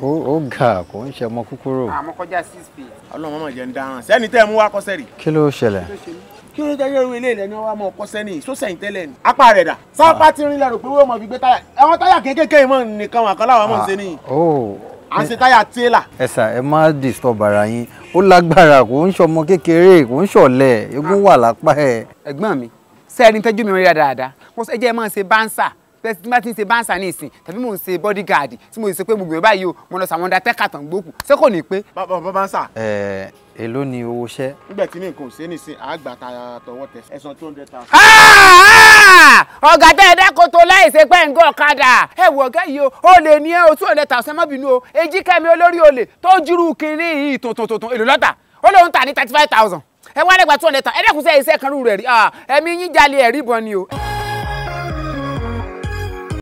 ó ga kò ń ṣe ọmọ kúkúrò. àmọ́ kọjá six feet. ọlọ́run mọ̀ jẹ́ ń dáràn sẹ́ni tẹ́ ẹ mú wá kọ́sẹ́ rì. kí ló ṣẹlẹ̀. kí ló jẹ́ irú ilé ìlẹ́ni wa mọ̀ kọ́sẹ́ ní sọ́sẹ̀yìn tẹ́lẹ̀ ni. apá rẹ̀ dà. sápá ah. ti rin lẹ́rù pé wọ́n mọ̀ fi gbé táyà àwọn táyà kéékèèké mọ̀ nìkan wà kọ́lá wọn mọ̀ ṣe nìyí. Ah, oh. à ń ṣe táyà tẹ́là. ẹ sà ẹ má disturb ara yín ó lágbára kò ń ṣọmọ kékeré kò ń ṣọ̀lẹ egun ah. wà lápá ẹ. ẹ̀gbọ́n mi sẹ́ẹ̀ni tẹ́jú mi rí dáadáa tẹ́sí tí ṣe báńsà ní ìsìn tàbí mò ń ṣe bodyguard tí mo sì ṣe pé gbogbo ẹ̀ o mo lọ sàwọn ọ̀dà tẹ́kàtàn gbókù ṣé kò ní pé. bàbá báńsà. ẹ èló ni owó iṣẹ́. nígbà tí ní nǹkan ò ṣe é nìsín àgbà tọwọ́ tẹ ẹ̀sán two hundred thousand. ọ̀gá tẹ́ ẹ dákun tó láì ṣe pé ǹgọ́ ọ̀kadà ẹ wọ ọ̀gá yìí o lè ní ẹ o two hundred thousand má o èjì kẹ́mi olórí olè tó jírú kinní yìí tuntun èlò lọ́tà ó lóun tà ní thirty five thousand ẹ wá lẹ́gbàá two hundred thousand ẹ dẹ́kun sẹ́yìn sẹ́kànrú rẹ̀ rí ah, ẹ̀mí yín jalè ẹ̀rí bọ̀ ni o.